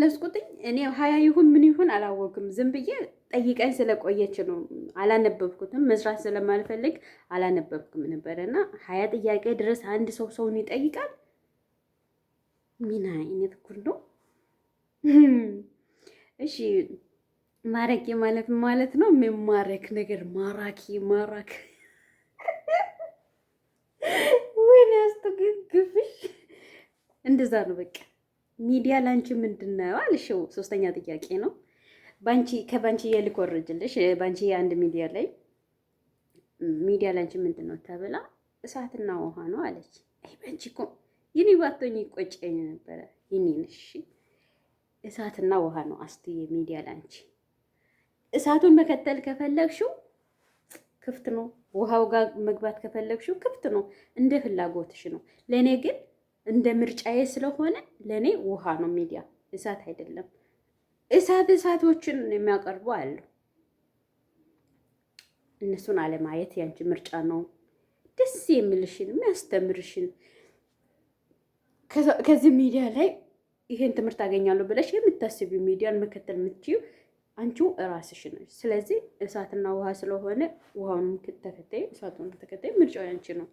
ለስቁጥኝ እኔ ሀያ ይሁን ምን ይሁን አላወቅም። ዝም ብዬ ጠይቀኝ ስለቆየች ነው አላነበብኩትም። መስራት ስለማልፈልግ አላነበብኩም ነበር እና ሀያ ጥያቄ ድረስ አንድ ሰው ሰውን ይጠይቃል። ምን አይነት ጉድ ነው? እሺ ማረኪ ማለት ማለት ነው የሚማረክ ነገር ማራኪ ማራክ ወይ ያስተ እንደዛ ነው በቃ ሚዲያ ላንቺ ምንድን ነው አልሽው። ሶስተኛ ጥያቄ ነው። ባንቺ ከባንቺ የልኮርጅልሽ ባንቺ የአንድ ሚዲያ ላይ ሚዲያ ላንቺ ምንድን ነው ተብላ እሳትና ውሃ ነው አለች። አይ ባንቺ እኮ ይኔ ባቶኝ ይቆጨኝ ነበረ። ይኔ እሳትና ውሃ ነው አስትዬ ሚዲያ ላንቺ። እሳቱን መከተል ከፈለግሽው ክፍት ነው፣ ውሃው ጋር መግባት ከፈለግሽው ክፍት ነው። እንደ ፍላጎትሽ ነው። ለእኔ ግን እንደ ምርጫዬ ስለሆነ ለእኔ ውሃ ነው ሚዲያ፣ እሳት አይደለም። እሳት እሳቶችን የሚያቀርቡ አሉ። እነሱን አለማየት ያንቺ ምርጫ ነው። ደስ የሚልሽን የሚያስተምርሽን ከዚህ ሚዲያ ላይ ይሄን ትምህርት አገኛለሁ ብለሽ የምታስቢው ሚዲያን መከተል የምትችዩ አንቺው እራስሽ ነች። ስለዚህ እሳትና ውሃ ስለሆነ ውሃውን ተከታይ እሳቱን ተከታይ ምርጫው ያንቺ ነው።